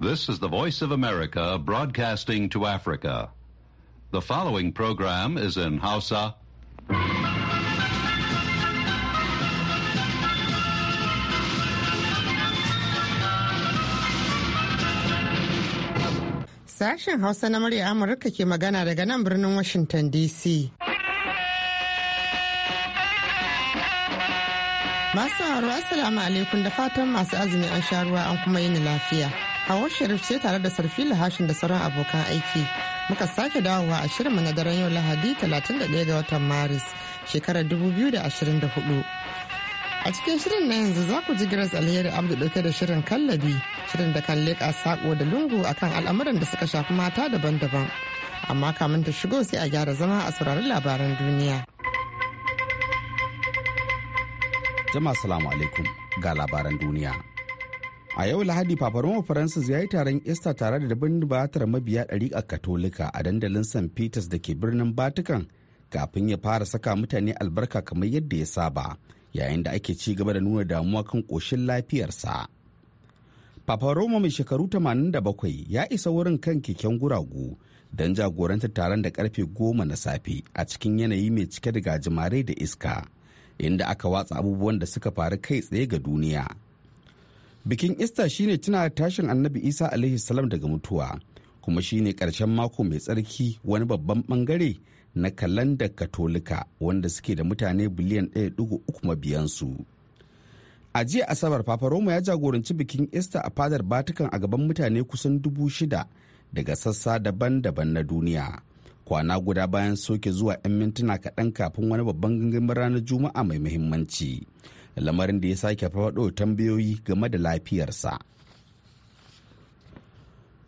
This is the Voice of America broadcasting to Africa. The following program is in Hausa. Sashen Hausa na murya Amurka ke magana daga nan birnin Washington DC. Masu haro, Assalamu alaikum da fatan masu azumi an sha ruwa an kuma yin lafiya. Hawar Sharif ce tare da sarfi lahashin da sauran abokan aiki. Muka sake dawowa a shirinmu na daren yau Lahadi 31 ga watan Maris shekarar 2024. A cikin shirin na yanzu za ku ji Giras Alheri Abdu dauke da shirin kallabi, shirin da kan leƙa saƙo da lungu akan al'amuran da suka shafi mata daban-daban. Amma kamin ta shigo sai a gyara zama a saurari labaran duniya. Jama'a salamu alaikum ga labaran duniya. a yau lahadi paparoma faransa ya yi taron easter tare da dabin mabiya mabiya a katolika a dandalin st peters da ke birnin batikan kafin ya fara saka mutane albarka kamar yadda ya saba yayin da ake ci gaba da nuna damuwa kan koshin lafiyarsa papa roma mai shekaru 87 ya isa wurin kan keken guragu don jagorantar taron da karfe goma na safe a cikin yanayi mai cike da gajimare da iska inda aka watsa abubuwan da suka faru kai tsaye ga duniya bikin ista shine tuna tashin annabi isa alaihi salam daga mutuwa kuma shine karshen mako mai tsarki wani babban bangare na kalandar katolika wanda suke da mutane biliyan 1.3 mabiyansu a jiya asabar papa ya jagoranci bikin ista a fadar batikan a gaban mutane kusan dubu shida daga sassa daban-daban na duniya kwana guda bayan soke zuwa 'yan mintuna kaɗan kafin wani babban gangamin ranar juma'a mai muhimmanci. lamarin da ya sake faɗo tambayoyi game da lafiyarsa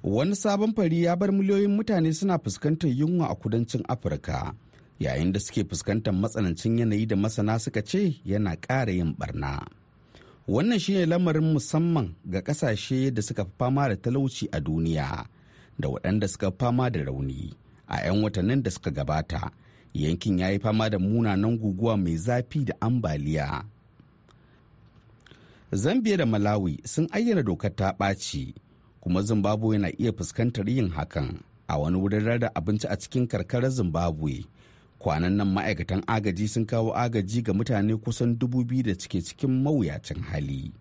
wani sabon fari ya bar miliyoyin mutane suna fuskantar yunwa a kudancin afirka yayin da suke fuskantar matsanancin yanayi da masana suka ce yana ƙara yin barna wannan shine lamarin musamman ga ƙasashe da suka fi fama da talauci a duniya da waɗanda suka fi fama da rauni a 'yan watannin da suka gabata yankin ya yi fama da munanan guguwa mai zafi da ambaliya zambia da malawi sun ayyana dokar ta ɓaci kuma zimbabwe na iya fuskantar yin hakan a wani wurin da abinci a cikin karkarar zimbabwe kwanan nan ma'aikatan agaji sun kawo agaji ga mutane kusan dubu biyu da cike cikin mawuyacin hali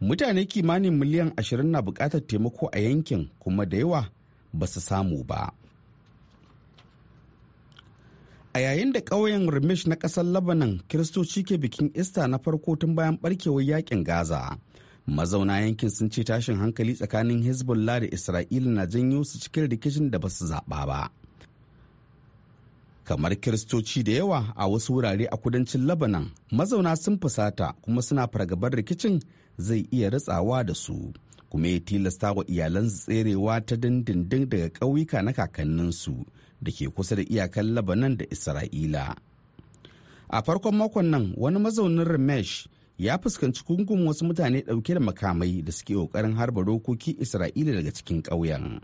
mutane kimanin miliyan ashirin na buƙatar taimako a yankin kuma da yawa ba su samu ba a yayin da ƙauyen ramesh na ƙasar labanan kiristoci ke bikin ista na farko tun bayan barkewar yakin gaza mazauna yankin sun ce tashin hankali tsakanin hezbollah da isra'ila na janyo su cikin rikicin da ba su zaɓa ba kamar kiristoci da yawa a wasu wurare a kudancin labanan mazauna sun fusata kuma suna fargabar rikicin zai iya ratsawa da su kuma ya tilasta wa iyalansu tserewa ta dindindin daga ƙauyuka na kakanninsu da ke kusa da iyakar Labanan da Isra'ila. A farkon makon nan wani mazaunin Ramesh ya fuskanci gungun wasu mutane ɗauke da makamai da suke ƙoƙarin harba dokokin Isra'ila daga cikin ƙauyen.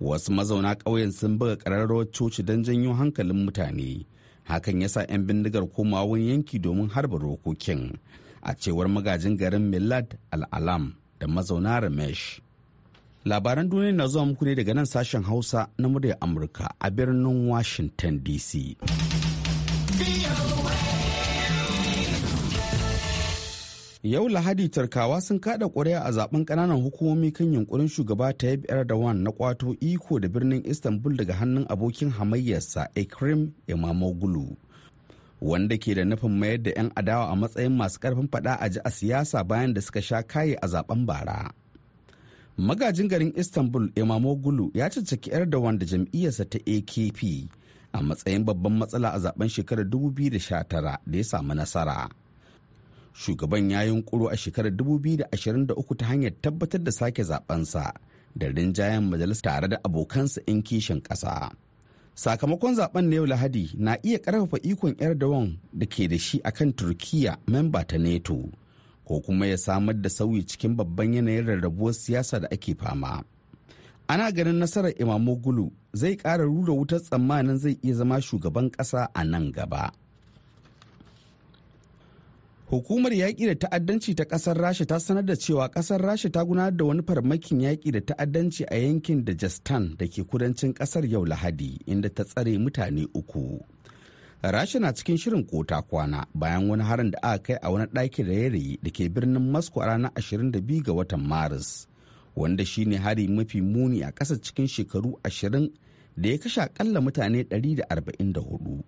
Wasu mazauna ƙauyen sun buga ƙararrawar coci don janyo hankalin mutane. Hakan ya sa 'yan bindigar komawa yanki domin harba rokokin. a cewar magajin garin millad al'alam da mazauna Ramesh. Labaran duniya na zuwa muku ne daga nan sashen Hausa na muryar Amurka a birnin Washington DC. Yau Lahadi tarkawa sun kada ƙuri'a a zaben ƙananan hukumomi kan yunkurin shugaba da Erdogan na kwato iko da birnin Istanbul daga hannun abokin hamayyarsa ekrim Imamoglu. Wanda ke da nufin mayar da 'yan adawa a matsayin masu ƙarfin faɗa a ji a siyasa bayan da suka sha kaye a zaben bara. magajin garin istanbul imamoglu ya caccaki erdogan da jam'iyyarsa ta akp a matsayin babban matsala a zaben shekarar 2019 da ya samu nasara shugaban ya yi a shekarar 2023 ta hanyar tabbatar da sake zabensa da rinjayen majalis tare da abokansa 'yan kishin ƙasa sakamakon zaben na yau lahadi na iya ƙarfafa ikon erdogan da ke da shi akan turkiya memba ta neto ko kuma ya samar da sauyi cikin babban yanayin rarrabuwar siyasa da ake fama ana ganin nasarar imamu gulu zai ƙara rura wutar tsammanin zai iya zama shugaban ƙasa a nan gaba hukumar yaƙi da ta'addanci ta ƙasar rasha ta sanar da cewa ƙasar rasha ta gudanar da wani farmakin yaƙi da ta'addanci a yankin da da ke kudancin ƙasar yau lahadi inda ta tsare mutane uku rasha na cikin shirin kota kwana bayan wani harin da aka kai a wani ɗakin raye-raye da ke birnin moscow a ranar 22 ga watan maris wanda shine hari mafi muni a ƙasa cikin shekaru 20 da ya kashe akalla mutane 144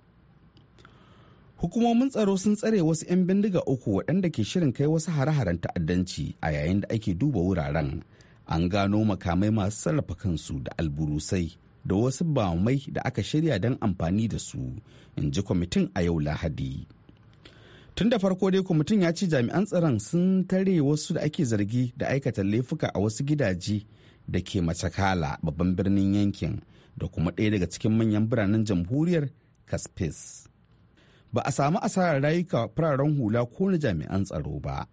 hukumomin tsaro sun tsare wasu 'yan bindiga uku waɗanda ke shirin kai wasu hare-haren ta'addanci a yayin da ake duba wuraren an gano makamai masu sarrafa kansu da alburusai da wasu bamai da aka shirya don amfani da su in ji kwamitin a yau lahadi tun da farko dai kwamitin ya ce jami'an tsaron sun tare wasu da ake zargi da aikata laifuka a wasu gidaje da ke macakala babban birnin yankin da kuma ɗaya daga cikin manyan biranen jamhuriyar kaspis ba a samu asarar rayuka fararen hula ko na jami'an tsaro ba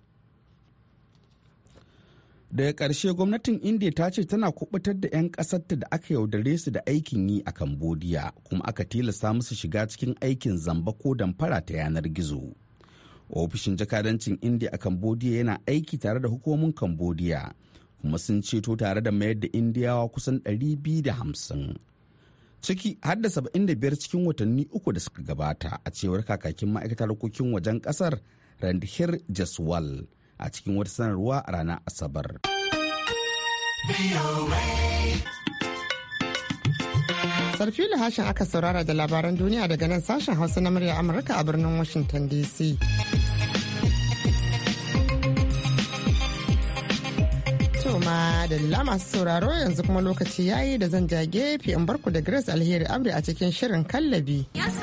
daga ƙarshe gwamnatin india ta ce tana kubutar da 'yan ƙasarta da aka yaudare su da aikin yi a cambodia kuma aka tilasta musu shiga cikin aikin zamba ko damfara ta yanar gizo ofishin jakadancin india a cambodia yana aiki tare da hukumomin cambodia kuma sun ceto tare da mayar da indiyawa kusan 250 ciki har da 75 cikin watanni uku da suka gabata a cewar kakakin ma'aikatar kokin wajen kasar randhir jaswal a cikin wata sanarwa a ranar asabar da hashin aka saurara da labaran duniya daga nan sashen hausa na murya amurka a birnin washington dc ma da masu sauraro yanzu kuma lokaci yayi da zan ja gefe in barku da grace alheri abri a cikin shirin kallabi. Yes,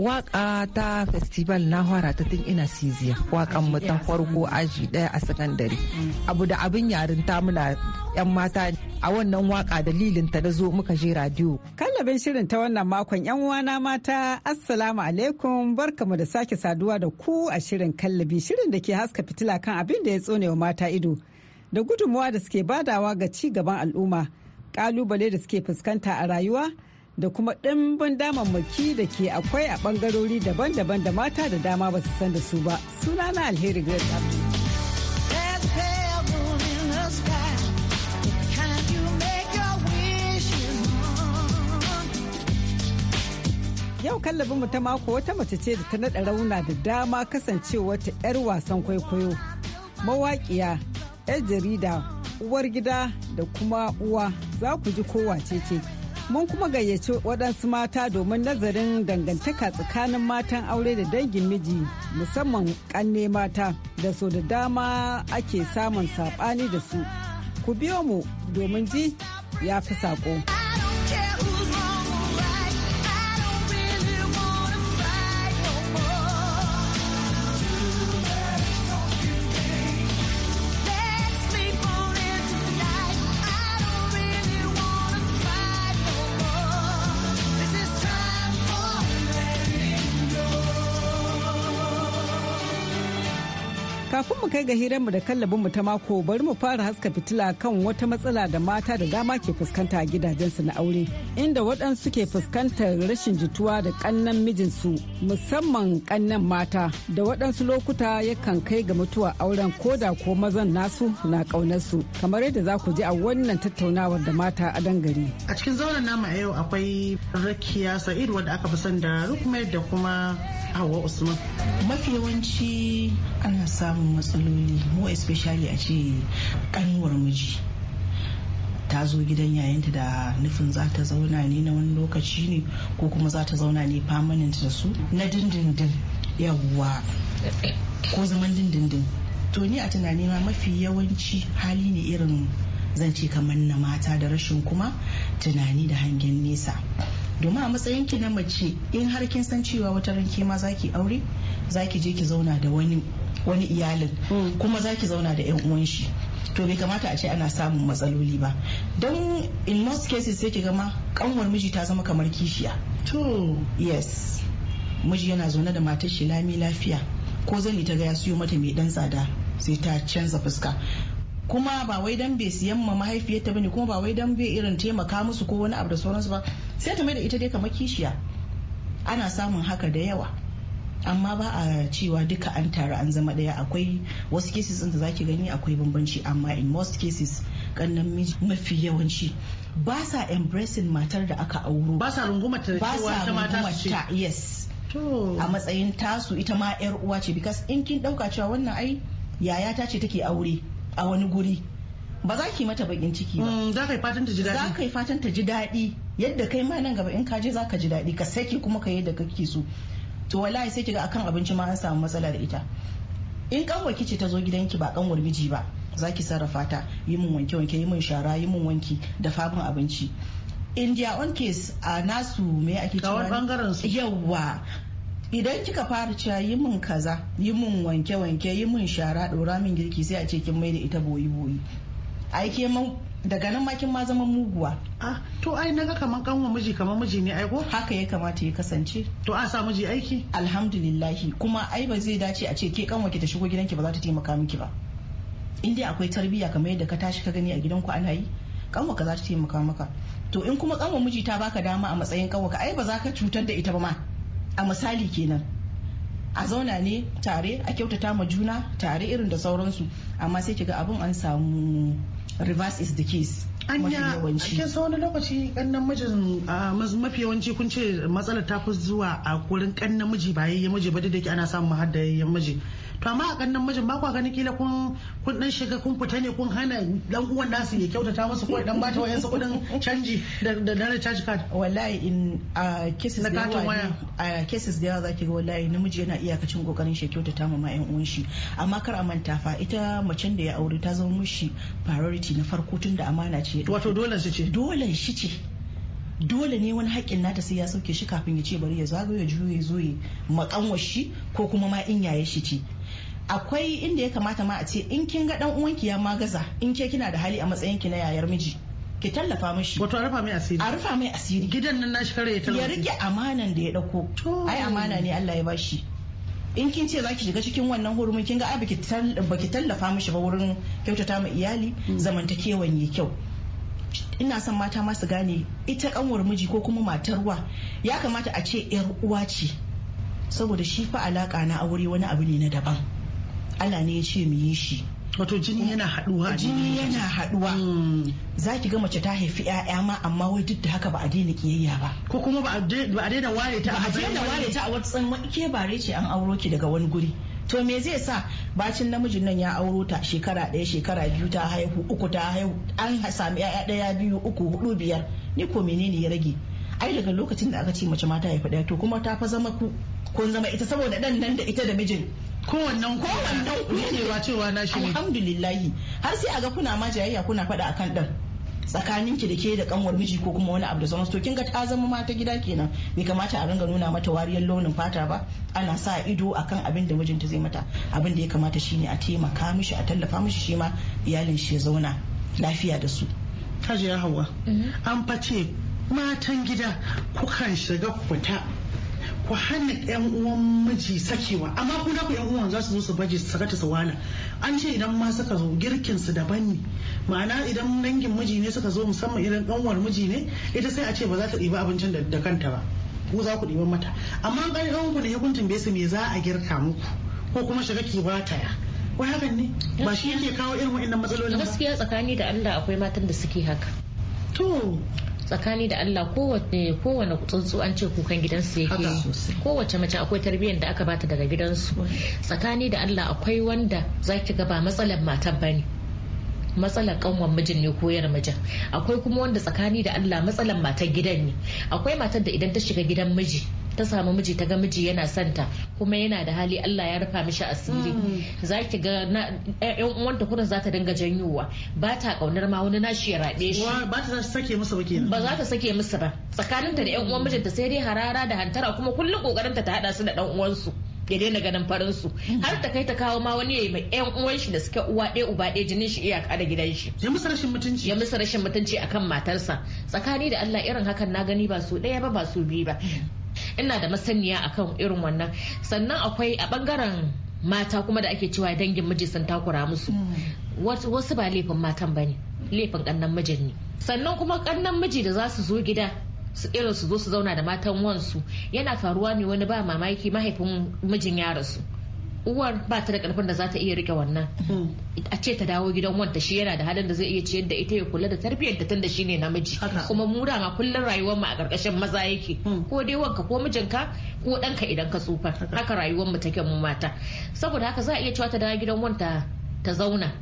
Waka ta festival na hara ta tun ina siziya. Wakan mu ta farko aji daya a sakandare. Abu da abin yarin ta muna 'yan mata a wannan waka dalilin ta da zo muka je radio. Kallabin shirin ta wannan makon 'yan uwana mata Assalamu alaikum barkamu da sake saduwa da ku a shirin kallabi shirin da ke haska fitila kan abin da ya tsone wa mata ido da gudunmuwa da suke badawa ga ci gaban al'umma kalubale da suke fuskanta a rayuwa da kuma ɗimbin damammaki da ke akwai a ɓangarori daban-daban da mata da dama ba su san da su ba suna na alheri grace Yau mu ta mako wata mace ce da ta naɗa rauna da dama kasancewa ta 'yar wasan kwaikwayo, mawaƙiya, 'yar jarida, uwar gida da kuma uwa za ku ji kowace ce. Mun kuma gayyaci waɗansu mata domin nazarin dangantaka tsakanin matan aure da dangin miji musamman ƙanne mata da so da dama ake samun saɓani da su. Ku biyo mu domin ji ya fi saƙo. Kafin mu kai ga hiranmu da kallabinmu ta mako bari mu fara haska fitila kan wata matsala da mata da dama ke fuskanta a gidajensu na aure. Inda waɗansu ke fuskantar rashin jituwa da ƙannan mijinsu musamman ƙannan mata da waɗansu lokuta yakan kai ga mutuwa auren ko da ko mazan nasu na ƙaunarsu kamar yadda za ku ji a wannan tattaunawar da mata a dangare. A cikin zauren namu a yau akwai Rakiya Sa'id wanda aka fi san da Rukmai da kuma hawa Usman. Mafi yawanci ana samun matsaloli mu especially a ce kanwar miji ta zo gidan yayinta da nufin za ta zauna ne na wani lokaci ne ko kuma za ta zauna ne permanent da su na dindindin yawwa ko zaman dindindin to ni a tunani ma mafi yawanci hali ne irin zan ce kamar na mata da rashin kuma tunani da hangen nesa domin a matsayin ki na mace in har kin san cewa wata ranke ma zaki aure zaki je ki zauna da wani wani iyalin hmm. kuma za ki zauna da 'yan uwan shi to bai kamata a ce ana samun matsaloli ba don in most cases sai ki gama kanwar miji ta zama kamar kishiya to yes miji yana zaune da matar shi lami lafiya ko zani ta ga ya siyo mata mai dan tsada sai ta canza fuska kuma ba wai dan bai siyan ma mahaifiyarta bane kuma ba wai dan bai irin taimaka musu ko wani abu da sauransu ba sai ta mai da ita dai kamar kishiya ana samun haka da yawa amma ba a cewa duka an taru an zama daya akwai wasu cases da zaki gani akwai bambanci amma in most cases kannan mafi yawanci ba sa embracing matar da aka auro ba sa rungumar ta cewa ta mata ce yes a matsayin tasu ita ma yar uwa ce because in kin dauka cewa wannan ai yaya ta ce take aure a wani guri ba za ki mata bakin ciki ba mm, za ka yi fatan ta ji daɗi za ka yi fatan ta ji daɗi yadda kai ma nan gaba in ka je za ka ji daɗi ka saki kuma ka yadda kake so to wallahi sai kiga akan abinci ma an samu matsala da ita in kanwar kici ta zo gidanki ba kanwar miji ba za ki sarrafa ta yi min wanke wanke yi min shara yi min wanki da fabin abinci in their own case a nasu me ake cewa bangaren su yawa idan kika fara cewa yi min kaza yi min wanke wanke yi min shara dora min girki sai a ce kin mai da ita boyi boyi ai ke daga nan makin ma zama muguwa ah to ai naga kaman kanwa miji kaman miji ne ai haka ya kamata ya kasance to a sa miji aiki alhamdulillahi kuma ai ba zai dace a ce ke kanwa ki ta shigo gidanki ba za ta taimaka miki ba in dai akwai tarbiyya kamar yadda ka tashi ka gani a gidanku ana yi kanwa ka za ta taimaka maka to in kuma kanwa miji ta baka dama a matsayin kanwa ka ai ba za ka cutar da ita ba ma a misali kenan a zauna ne tare a kyautata ma juna tare irin da sauransu amma sai kiga abin an samu reverse is the case anya kin san wani lokaci kan namijin mafi yawanci kun ce matsalar ta fi zuwa a kurin kan namiji ba yayyen miji ba da ana samun har da miji to amma a kannan mijin ba kwa ganin kila kun kun dan shiga kun fita ne kun hana dan uwan nasu ya kyautata musu ko dan bata wayansu kudin canji da da na charge card wallahi in a uh, cases da waya a uh, cases da yawa zaki ga wallahi namiji yana iyakacin kokarin shi kyautata ma ma'an uwan shi amma kar a manta fa ita macen da ya aure ta zama mushi priority na farko tun da amana ce wato dole shi ce dole shi ce dole ne wani haƙƙin nata sai ya sauke shi kafin ya ce bari ya zagaye ya juyo ya zo ya ko kuma ma in yaye shi ce akwai inda ya kamata ma a ce in kin ga dan uwanki ya magaza in ke kina da hali a matsayin ki na yayar miji ki tallafa mishi wato a rufa mai asiri a rufa mai asiri gidan nan nashi kare ya tallafa ya rike amanan da ya dauko ai amana ne Allah ya bashi in kin ce zaki shiga cikin wannan hurumin kin ga ai baki tallafa mishi ba wurin kyautata ma iyali mm. zamantakewan yi kyau ina son mata masu gane ita kanwar miji ko kuma matarwa ya kamata a ce yar uwa ce saboda shi fa alaka na aure wani abu ne na daban Allah ne ya ce mu yi shi wato jini yana haduwa jini yana haduwa hmm. za ki ga mace ta haifi 'ya'ya ma amma wai duk da haka ba a daina kiyayya ba ko kuma ba a daina ware ta ba a daina ware ta a wata tsanwa ke bare ce an auro ki daga wani guri to me zai sa bacin namijin nan ya auro ta shekara ɗaya shekara biyu ta haihu uku ta haihu an sami ƴaƴa ɗaya biyu uku huɗu biyar ni ko menene ya rage ai daga lokacin da aka ce mace ma ta haifi ɗaya to kuma ta fa zama ku kun zama ita saboda ɗan nan da ita da mijin kowannen kowannen ku cewa cewa na shi alhamdulillahi har sai a ga kuna ma jayayya kuna faɗa akan dan. tsakanin ki da ke da kanwar miji ko kuma wani abu da sauransu to kin ga ta zama mata gida kenan bai kamata a ringa nuna mata wariyar launin fata ba ana sa ido akan abin da mijinta zai mata abin da ya kamata shine a taimaka mishi a tallafa mishi shi ma iyalin shi ya zauna lafiya da su hajiya hawa mhm. an fa ce matan gida kukan shiga kuta. fita ku hana yan uwan miji sakewa amma ku ku yan uwan za su zo su baje su saka su wala an ce idan ma suka zo girkin su daban ne ma'ana idan dangin miji ne suka zo musamman idan kanwar miji ne ita sai a ce ba za ta ɗiba abincin da kanta ba ku za ku ɗiba mata amma an ɗan ku da ya bai su me za a girka muku ko kuma shiga ke ba ta ya wai hakan ne ba shi yake kawo irin wa'annan matsalolin ba gaskiya tsakani da Allah akwai matan da suke haka to tsakani da Allah kowane tsuntsu an ce kukan gidansu yake kowace mace akwai tarbiyyar da aka bata daga gidansu tsakani da Allah akwai wanda za ki gaba matsalar matar ne matsalar kanwar mijin ne ko yar mijin akwai kuma wanda tsakani da Allah matsalar matar gidan ne akwai matar da idan ta shiga gidan miji ta samu miji ta ga miji yana santa kuma yana da hali Allah ya rufa mishi asiri mm. za ki ga yan uwanta kuna za ta dinga janyowa ba ta kaunar ma wani nashi ya rabe shi ba ta sake musu ba kenan ba za ta sake musu ba tsakaninta da yan uwan mijinta sai dai harara da hantara kuma kullum kokarin ta hada su da dan uwansu ya daina ganin farin su mm. har ta kai ta kawo ma wani yayi mai yan uwan shi da suka uwa ɗaya uba ɗaya jinin shi iyaka da gidan shi ya musu rashin mutunci ya musu rashin mutunci akan matarsa tsakani da Allah irin hakan na gani ba su ɗaya ba ba su biyu ba mm. ina da masaniya akan irin wannan sannan akwai a bangaren mata kuma da ake cewa dangin miji sun takura musu hmm. wasu ba laifin matan bane laifin kannan mijin ne sannan kuma kannan miji da za su zo gida su irin su zo su zauna da matan wansu yana faruwa ne wani ba mamaki mahaifin mijin ya rasu uwar ba ta da karfin da za ta iya rike wannan hmm. a ce ta dawo gidan wanta shi yana da halin da zai iya ciyar da ita ya kula da tarbiyyar ta shi ne namiji kuma mu dama kullum rayuwar mu a karkashin maza yake hmm. ko dai wanka ko mijinka ko danka idan ka tsufa haka rayuwar mu take mu mata saboda haka za a iya cewa ta dawo gidan wanta ta zauna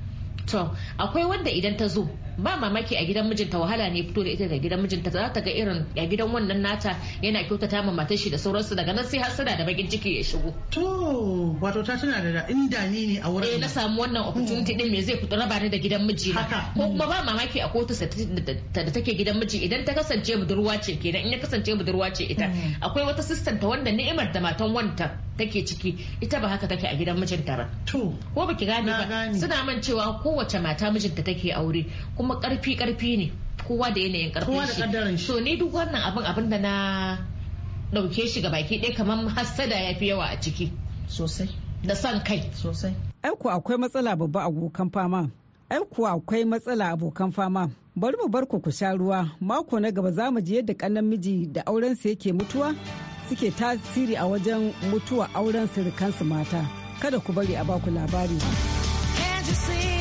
to akwai wanda idan ta zo ba mamaki a gidan mijinta wahala ne fito da ita da gidan mijinta za ta ga irin a gidan wannan nata yana kyautata ma matar shi da sauransu daga nan sai hasada da bakin ciki ya shigo to wato ta tana da inda ni ne a wurin eh na samu wannan opportunity din me zai fito raba ni da gidan miji ko kuma ba mamaki a kotu da take gidan miji idan ta kasance budurwa ce kenan in ya kasance budurwa ce ita mm. akwai wata sistan ta wanda ni'imar da matan wanta take ciki ita ba haka take a gidan mijinta ba to ko baki gane ba suna man cewa kowace mata mijinta take aure kuma kuma karfi karfi ne kowa da yanayin karfin shi so ni duk wannan abin abin da na dauke shi ga baki ɗaya kamar hassada ya fi yawa a ciki sosai da son kai sosai Aiku akwai matsala babba abokan fama Aiku akwai matsala abokan fama bari mu bar ku ku sha ruwa mako na gaba za mu ji yadda kanan miji da aurensa yake mutuwa suke tasiri a wajen mutuwa auren sirikansu mata kada ku bari a baku labari Can't you see?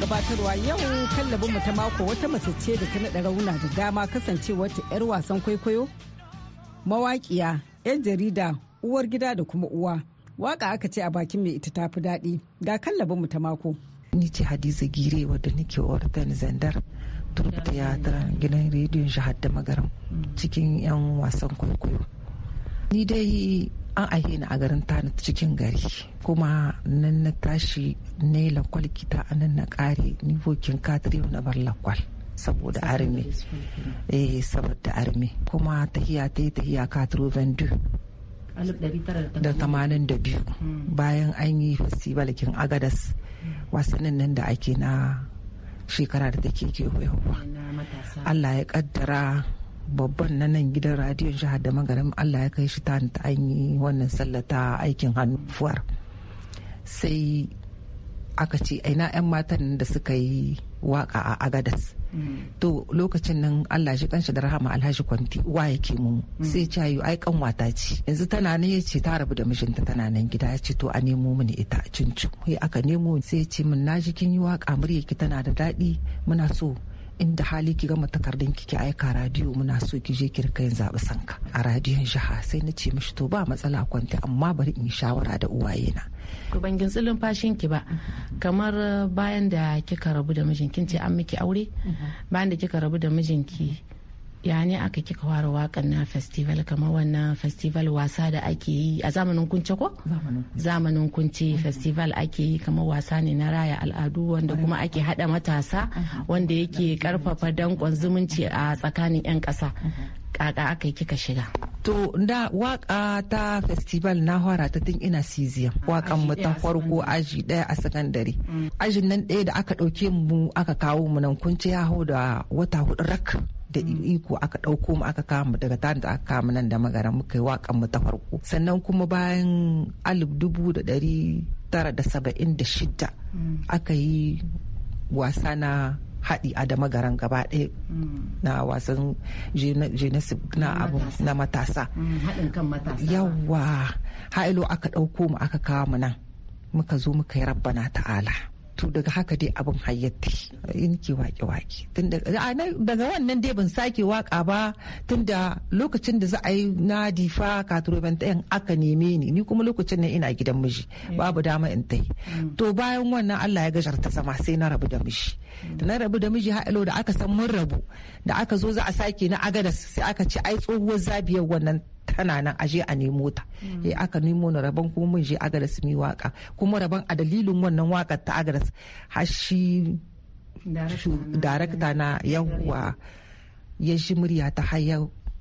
gabatarwa yau kallabinmu ta mako wata mace ce da ta naɗa rauna da dama kasance wata 'yar wasan kwaikwayo mawaƙiya 'yan jarida uwar gida da kuma uwa waka aka ce a bakin mai ita tafi daɗi ga kallabinmu ta mako ni ce hadiza gire wadda nake ordan zandar ta tiyatar gidan rediyon shahad da magaram cikin 'yan wasan kwaikwayo ni dai an aihe ni a garin tana cikin gari kuma nan na tashi ne lakwal kita a nan na kare nivokin katriyo na bar lakwal saboda arme eh saboda arme kuma tahiya ta yi tahiya katriyo vendu da tamanin da biyu hmm. bayan an yi festival kin agadas hmm. wasannin nan da ake na shekara da take ke allah ya kaddara babban na nan gidan radiyon jihar da magarin allah ya kai shi ta an yi wannan sallata aikin hannu fuwar sai aka ce aina 'yan matan da suka yi waka a agadas to lokacin nan allah shi kanshi da rahama alhaji kwanti wa yake mu sai ce ayu ai kanwata ce yanzu tana nan yace ta rabu da mijinta tana nan gida ya ce to a nemo mini ita cincu sai aka nemo sai ce mun na ji kin yi waka muryarki tana da daɗi muna so inda hali ki gama takardun ki ki aika radiyo muna so ki je ki rika yin zaɓi sanka a radiyon jiha sai na ce mishi to ba matsala a kwanta amma bari in yi shawara da uwaye na. to ban gintsi fashin ki ba kamar uh, bayan da kika rabu da mijinki ce an miki aure mhm. bayan da kika rabu da mijinki ya ne aka kika fara wakan na festival kamar wannan festival wasa da ake yi a zamanin kunce ko zamanin kunce festival ake yi kamar wasa ne na raya al'adu wanda kuma ake hada matasa wanda yake karfafa dankon zumunci a tsakanin 'yan ƙasa kaka aka yi kika shiga to da waka ta festival na hora ta tun ina sizia wakan mu ta farko aji daya a sakandare mm. ajin nan daya da aka dauke mu aka kawo mu nan kunce ya hau da wata hudu rak da iko aka ɗauko mu aka kama daga ta da aka kama nan da magara muka yi waƙan mu ta farko sannan kuma bayan alif dubu da ɗari tara da saba'in da shida aka yi wasa na haɗi a dama magaran gaba ɗaya na wasan jenesu na abu na matasa mm, Haɗin kan matasa. yawa ha'ilo aka ɗauko mu aka kawo mu nan muka zo muka yi na ta'ala to daga haka dai abin hayyatti in ke wake wake daga wannan dai ban sake waka ba tunda lokacin da za a yi na difa katurbantayan aka neme ni ni kuma lokacin nan ina gidan miji babu dama in tai mm. to bayan wannan Allah ya gajar ta zama sai na rabu da miji mm. na rabu da miji ha'ilo da aka san mun rabu da aka zo za a sake na agadas sai aka ce ai tsohuwar zabiyar wannan tana nan aje a nemo ta mm. eh aka nemo na rabon kuma mun je agaras mi waka kuma rabon a dalilin wannan wakar ta agaras har shi darakta na yawwa ya ji murya ta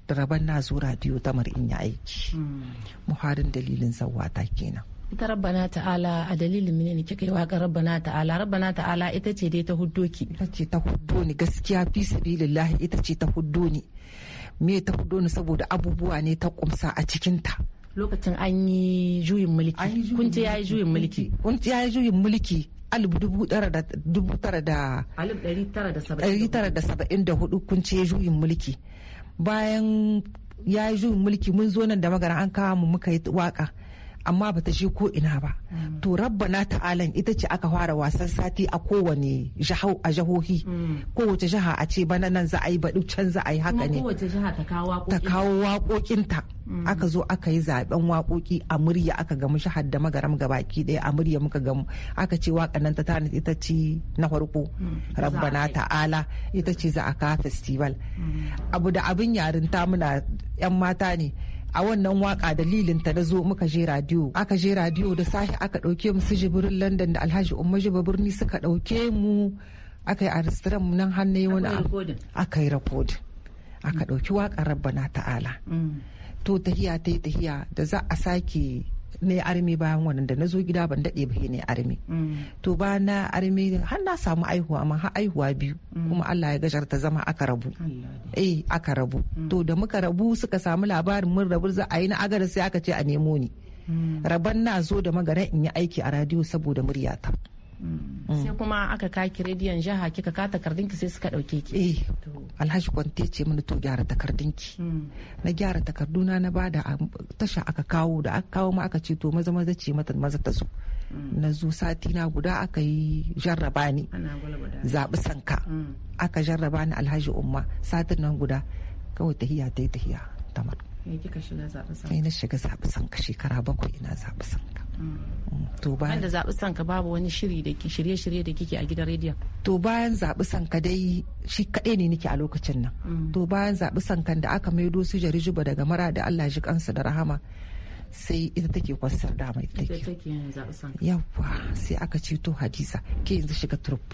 da rabon na zo radio tamar in ya aiki mm. muharin dalilin zawata kenan ita rabbana ta'ala a dalilin mene ne kika yi waka rabbana ta'ala rabbana ta'ala ita ce dai ta huddo ki ita ce ta huddo ni gaskiya fi sabilillah ita ce ta huddo ni me ta hudo ni saboda abubuwa ne ta kumsa a cikinta lokacin an yi juyin mulki kunce ya yi juyin mulki kunce ya yi juyin mulki alif dubu tara da tara da saba'in da hudu kunce juyin mulki bayan ya yi juyin mulki mun zo nan da magana an kawo mu muka yi waka amma ba ta je ko ina ba mm. to rabbana ta'alan ita ce aka fara wasan sati a kowane a jahohi mm. kowace jiha a ce bana nan za a yi baɗi can za a yi haka ne ta kawo waƙoƙinta mm. aka zo aka yi zaben waƙoƙi a murya aka gamu jihar da magaram baki ɗaya a murya muka gamu aka ce waƙan nan ta tana ita ce na farko rabbana ta'ala ita ce za a kawo festival abu da abin yarinta muna 'yan mata ne a wannan waka dalilin ta da zo muka je radio aka je radio da sahi aka ɗauke mu su jibirin london da alhaji umma jiba birni suka ɗauke mu aka yi aristiran nan hannu wani aka yi rakodin aka ɗauki rabba rabbana ta'ala mm. to tahiya ta yi tahiya da za a sake ne armi bayan wannan da na zo gida ban daɗe ba ne armi mm. to ba na arimi har na samu aihuwa amma har aihuwa biyu mm. kuma Allah ya gajar ta zama aka rabu eh aka rabu mm. to da muka rabu suka samu labarin mun rabu za a yi na agara sai aka ce a nemo ni raban na zo da magana in yi aiki a radio saboda muryata Mm. sai kuma aka kaki rediyon jiha kika ka ki sai suka dauke ki eh alhaji kwante ce mini to gyara ki. Mm. na gyara takarduna na bada um, tasha aka kawo da aka kawo ma aka ce to maza maza ce mata maza ta zo mm. na zo sati na guda aka yi jarraba ni zaɓi sanka aka jarraba ni alhaji umma satin nan guda kawai tahiya ta yi tahiya tamar Me na shiga zaɓi sanka shekara bakwai ina zaɓi sanka to bayan da zaɓi sanka babu wani shiri da shirye-shirye da kike a gidan rediyon to bayan zaɓi sanka dai shi kaɗai ne nake a lokacin nan mm. to bayan zaɓi sankan da aka maido su ba daga mara da Allah ji kansu da rahama sai ita take kwasar dama ita take yawa sai aka ce to hadisa ke yanzu shiga turp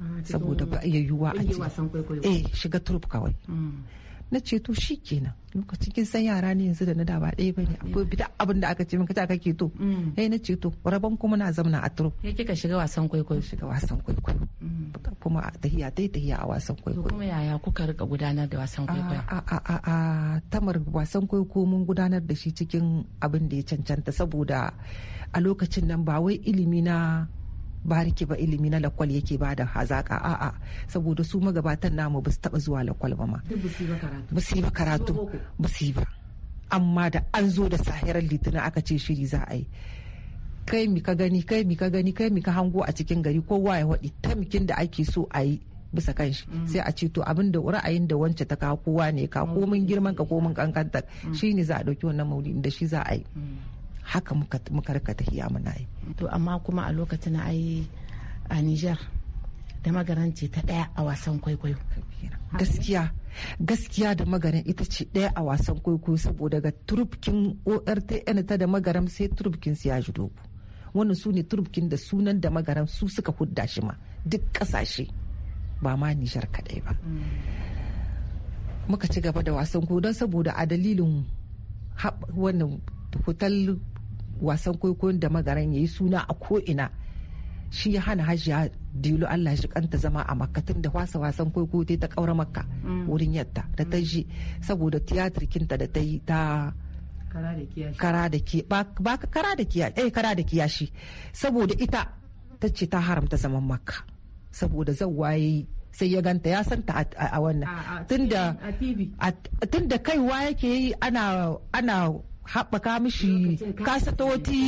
ah, saboda ba iya yiwuwa a eh shiga turp kawai mm. na ce to shi kenan lokacin kin san yara ne yanzu da na da ba ɗaya bane akwai bita abin da aka ce min kace kake to mm. eh na ce to rabon kuma na zamna a turo ke kika shiga wasan kwaikwayo shiga wasan kwaikwayo mm. kuma a tahiya tai tahiya a wasan kwaikwayo kuma yaya kuka rika gudanar da wasan kwaikwayo a a a a tamar wasan kwaikwayo mun gudanar da shi cikin abin da ya cancanta saboda a lokacin nan ba wai ilimi na bariki ba ilimi na lakwal yake ba da hazaka a'a saboda su magabatan namu ba su taba zuwa lakwal ba ma ba su yi ba karatu ba su yi ba amma da an zo da sahirar litinin aka ce shiri za a yi kai mi ka gani kai mi ka gani kai mi ka hango a cikin gari kowa ya waɗi tamikin da ake so a yi bisa kan shi mm. sai a ce to abin da ra'ayin da wance ta kawo kowa ne ka komin mm. girman ka komin kankantar mm. ne za a ɗauki wannan maulidi da shi za a yi haka muka rika tafiya muna yi to amma kuma a lokacin ai a Nijar da magaranci ta daya a wasan kwaikwayo gaskiya gaskiya da magaran ita ce ɗaya a wasan kwaikwayo saboda ga turbkin ortn ta da magaran sai turbkin su ya ji dogo wannan su ne turbkin da sunan da magaran su suka hudda shi ma duk kasashe ba ma Nijar kaɗai ba muka ci gaba da wasan kwaikwayo saboda a dalilin wannan hotel wasan kwaikwayon da magaran ya yi suna a ko'ina shi ya hana hajiya dilo allah shi kanta zama a makka tun da wasa wasan kwaikwayo ta kaura makka mm. wurin yadda da ta ji saboda tiyatar kinta da ta yi ta kara da kiyashi ba kara da kiyashi eh kara da kiyashi saboda ita ta ce ta haramta zaman makka saboda zan waye sai ya ganta ya santa a wannan tun kai wa yake yi ana haɓaka mishi kasatoti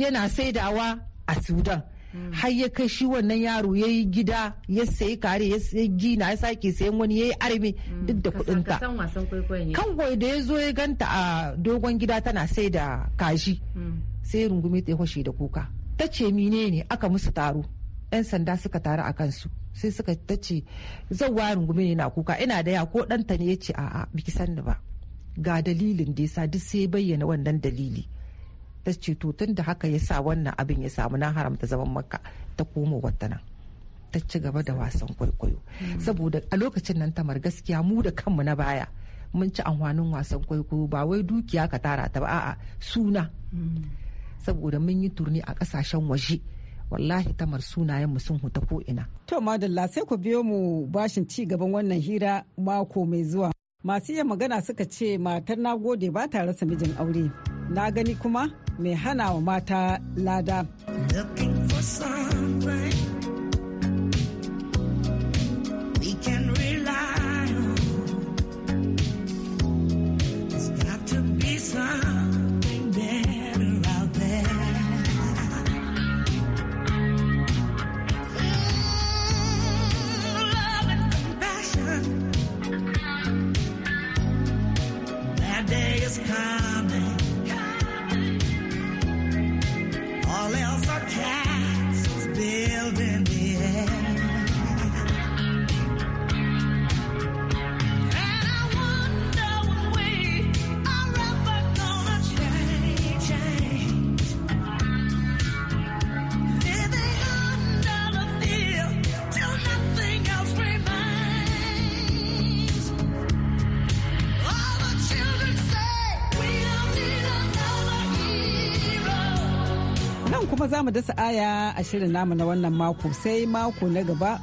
yana saidawa a sudan mm. har ya kai shi wannan yaro ya yi gida ya sayi kare ya sayi gina ya sake sayan wani ya yi arme mm. duk da kudin ka kan da ya zo ya ganta a dogon gida tana mm. sai da kaji sai rungumi ta kwashe da kuka ta ce mine ne aka musu taro yan sanda suka taru a kansu sai suka ta ce zauwa rungume ne na kuka ina da ya ko ɗanta ne ya ce a'a biki sanni ba ga dalilin da yasa duk sai bayyana wannan dalili ta ce to tun da haka ya sa wannan abin ya samu na haramta zaman makka ta koma wata nan ta ci gaba da wasan kwaikwayo hmm. saboda a lokacin nan tamar gaskiya mu da kanmu na baya mun ci amfanin wasan kwaikwayo ba wai dukiya ka tara ta ba a'a suna hmm. saboda mun yi turni a kasashen waje wallahi tamar sunayen mu sun huta ko ina to madalla sai ku biyo mu bashin ci gaban wannan hira mako mai zuwa masu iya magana suka ce matar na gode ba ta rasa mijin aure na gani kuma mai hana wa mata lada kuma za mu dasa aya a shirin namu na wannan mako sai mako na gaba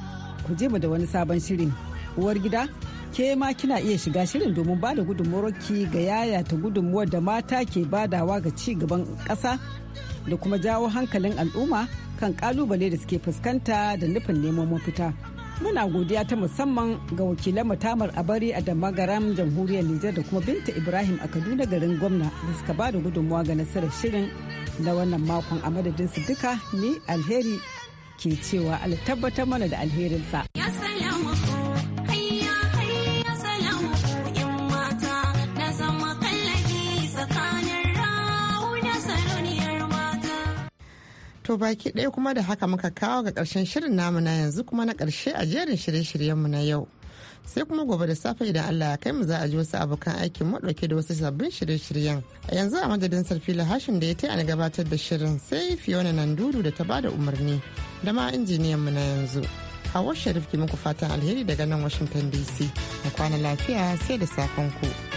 ku je mu da wani sabon shirin uwar gida ke ma kina iya shiga shirin domin ba da gudunmuwarki ga yayata gudunmuwar da mata ke badawa ga ci gaban ƙasa da kuma jawo hankalin al'umma kan kalubale da suke fuskanta da nufin neman mafita. muna godiya ta musamman ga wakilan mutamar abari a damagaram jamhuriyar nijar da kuma binta ibrahim a kaduna garin gwamna da suka ba da gudunmawa ga nasarar shirin na wannan makon a madadinsu duka ne alheri ke cewa ala tabbatar mana da alherinsa. To baki ɗaya kuma da haka muka kawo ga ƙarshen shirin namu na yanzu kuma na ƙarshe a jerin shirye-shiryenmu na yau. Sai kuma gobe da safe idan Allah ya kai mu za a ji wasu abokan aikin mu ɗauke da wasu sabbin shirye-shiryen. A yanzu a madadin Sarfila hashin da ya ta ni gabatar da shirin sai Fiona Nandudu da ta ba da umarni da ma injiniyan mu na yanzu. A Sharif ki muku fatan alheri daga nan Washington DC. Na kwana lafiya sai da safen ku.